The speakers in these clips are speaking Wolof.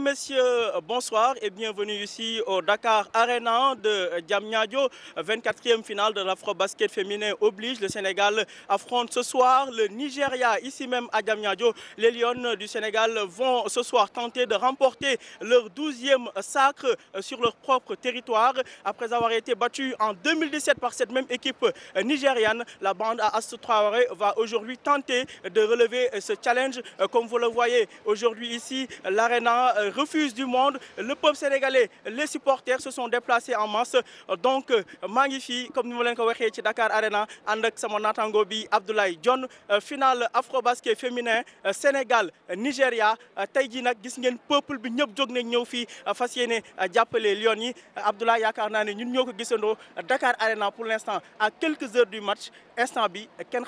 Messieurs, bonsoir et bienvenue ici au Dakar Arena de Diamniadio. 24e finale de l'afro-basket féminin oblige. Le Sénégal affronte ce soir le Nigeria, ici même à Diamniadio. Les Lions du Sénégal vont ce soir tenter de remporter leur 12e sacre sur leur propre territoire. Après avoir été battu en 2017 par cette même équipe nigériane, la bande à Astro Traoré va aujourd'hui tenter de relever ce challenge. Comme vous le voyez aujourd'hui ici, l'Arena euh, refuse du monde le peuple sénégalais les supporters se sont déplacés en masse donc euh, magnifique. comme nous voulons le Dakar Arena avec ak Abdoulaye John. Euh, finale Afrobasket féminin euh, Sénégal Nigeria Taïdina, jii people peuple qui a été nañ ñëw fii fas Abdoulaye Yakarnani, nous ne Dakar Arena pour l'instant à quelques heures du match instant B, Ken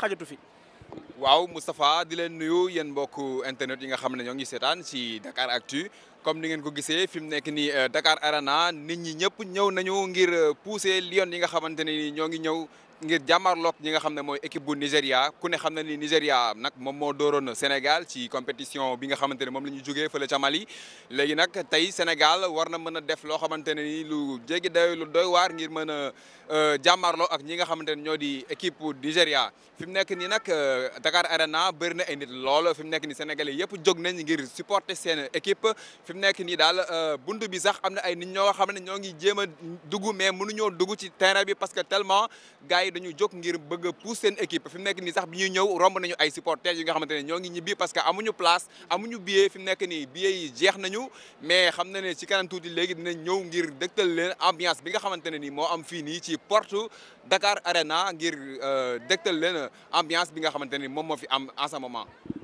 waaw Moustapha di leen nuyu yéen mbokk internet yi nga xam ne ñoo ngi seetaan si Dakar Actu comme ni ngeen ko gisee fi mu nekk nii euh, Dakar Arena nit ñi ñëpp ñëw nañu ngir euh, pousser Lions yi nga xamante ne ñoo ngi ñëw ngir jàmmarloog ñi nga xam ne mooy équipe bu Nigéria ku ne xam ne ni Nigéria nag moom moo dooroon Sénégal ci compétition bi nga xamante ne moom la ñu jógee fële ca Mali léegi nag tey Sénégal war na mën a def loo xamante ni lu jéggi day lu doy waar ngir mën a euh, jàmmarloo ak ñi nga xamante ne ñoo di équipe bu Nigéria fi mu nekk nii nag euh, Dakar Arena bëri na ay nit lool fi mu nekk ni Sénégalais yëpp jóg nañ ngir supporter seen équipe fi mu nekk nii daal euh, bunt bi sax am na ay nit ñoo xam ne ñoo ngi jéem a dugg mais mënuñoo dugg ci terrain bi parce que tellement gars dañu jóg ngir bëgg a pousse seen équipe fi mu nekk nii sax bi ñuy ñëw romb nañu ay supporters yi nga xamante ne ñoo ngi ñibbi parce que amuñu place amuñu billet fi mu nekk nii billet yi jeex nañu mais xam na ne ci kanam tuuti léegi dinañ ñëw ngir dëgtal leen ambiance bi nga xamante ne nii moo am fii nii ci porte Dakar Arena ngir euh, dëgtal leen ambiance bi xamante ne moom moo fi am en ce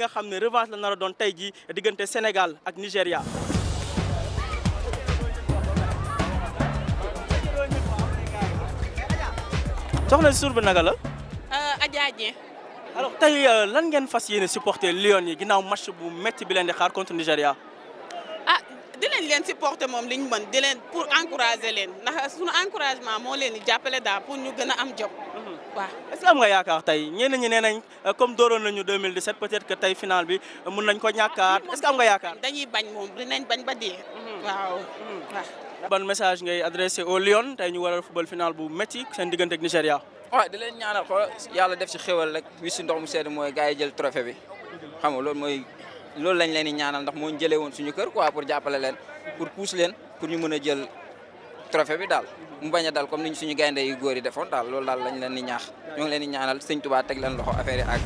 nga xam ne revanche la nara doon tey jii diggante Sénégal ak Nigéria. soxna si suur bi naka la. Euh, Adja Dieng. alors tey euh, lan ngeen fas yéene supporter Lions yi ginnaaw match bu métti bi leen di xaar contre Nigéria. ah dinañ leen supporter moom li ñu mën di leen pour encourager leen ndax sunu encouragement moo leen di jàppale daal pour ñu gën a am jom. waaw est-ce am nga yaakaar tey ñenn ñi nee nañ euh, comme dooroon nañu 2017 peut-être que tey final bi euh, mun nañ ko ñàkkaat est-ce que am nga yaakaar. dañuy bañ moom dinañ bañ ba dee. Mhm. waaw nga mhm. ban message ngay adressé au Lion tey ñu waral football final bu métti seen diggante ak Nigéria. waaw di leen ñaanal xool yàlla def si xéwal rek wis si ndox mu sedd mooy gars yi jël trophée bi xam nga loolu mooy loolu lañ leen di ñaanal ndax moo jëlee woon suñu kër quoi pour jàppale leen pour pousse leen pour ñu mën a jël. trophée bi daal mu bañ a dal comme niñ suñu gaynde yu góor yi defoon daal loolu daal lañ leen di ñaax ñoo ngi leen di ñaanal sëñ Tuubaa teg leen loxo affaire yi ak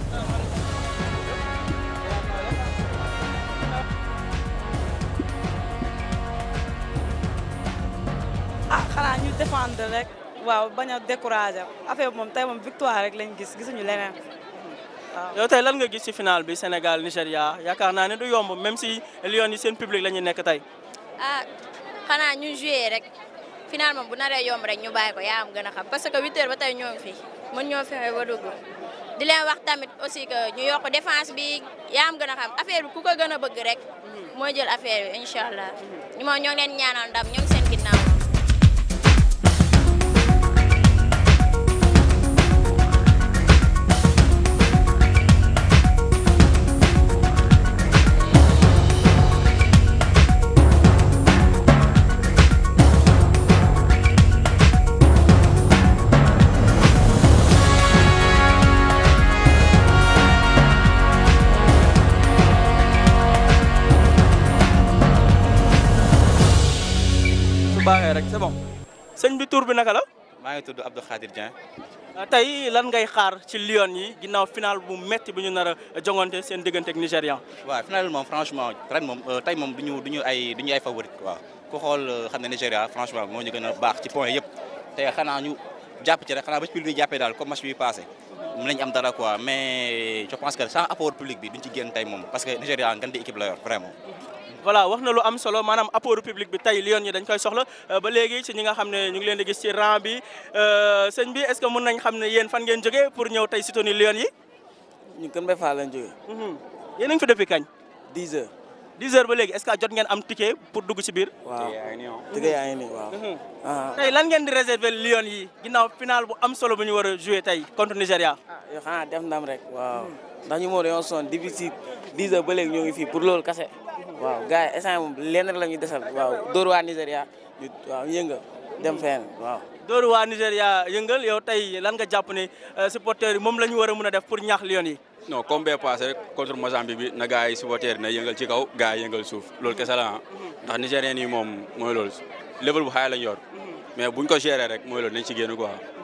ah xanaa ñu défendre rek waaw bañ décourager affaire bi moom tey moom victoire rek lañ gis gisuñu leneen waaw. yow tey lan nga gis ci final bi Sénégal Nigéria yaakaar naa ne du yomb même si Lions yi seen public la ñu nekk tey. ah xanaa ñu joué rek. final moom bu naree yomb rek ñu bàyyi ko yaa am xam parce que huit heures ba tey ñoo ngi fi mën ñoo fexe ba dugg di leen wax tamit aussi que ñu yokk défense bi yaa am gën a xam affaire bi ku ko gën a bëgg rek. Mm. mooy jël affaire bi incha allah. ñu moom ñoo ngi leen ñaanal ndam ñoo c'est bon sëñ bi tur bi naka la. maa ngi tudd Abdou Khadir Dieng. Euh, tey lan ngay xaar ci Lion yi ginnaaw final bu metti bu ñu nar a jongante seen diggante ak Nigérian. waaw final moom franchement ren moom euh, tey moom du ñu du ñu ay du ñu ay favori waaw ku xool euh, xam ne Nigéria franchement moo ñu gën a baax ci point yëpp te xanaa ñu jàpp ci rek xanaa ba ci daal comme match bi passé. mën nañu am dara quoi mais je sans apport public bi duñ ci génn tey moom parce que Nigéria ngeen di voilà wax na lu am solo maanaam apport public bi tey Lyon ñi dañ koy soxla euh, ba léegi ci ñi nga xam ne ñu ngi leen di gis ci rang bi euh, sëñ bi est-ce nañ xam ne yéen fan ngeen jógee pour ñëw tey soutenir Lyon yi. ñu Kër Mbaye Fall lañ jógee. Mhm. yéen a ngi fi depuis kañ. 10 heures. 10 heures ba léegi est jot ngeen am ticket pour dugg ci biir. waaw mhm. ah. tey lan ngeen di réserver Lyon yi ginnaaw final bu am solo bu ñu war a jouer tey contre Nigéria. ah yoo xam def ndam rek. waaw ndax ñu moo dañoo sonn depuis ba léegi ñoo ngi fii pour loolu kase. waaw gars yi instant moom la ñuy desal waaw dóor waa Nigéria ñu waaw yëngal dem fenn waaw. dóor waa Nigéria yëngal yow tey lan nga jàpp ne euh, supporters yi moom la ñu war a mën a def pour ñaax Lions yi. non comme bee passé rek contre Mozambique bi na gars yi supporters na yëngal ci kaw gars yi yëngal suuf loolu kese la ah. ndax Nigériens yi moom mooy loolu level bu xaay lañ yor mhm. mais buñ ko gérer rek mooy loolu nañ ci génn quoi.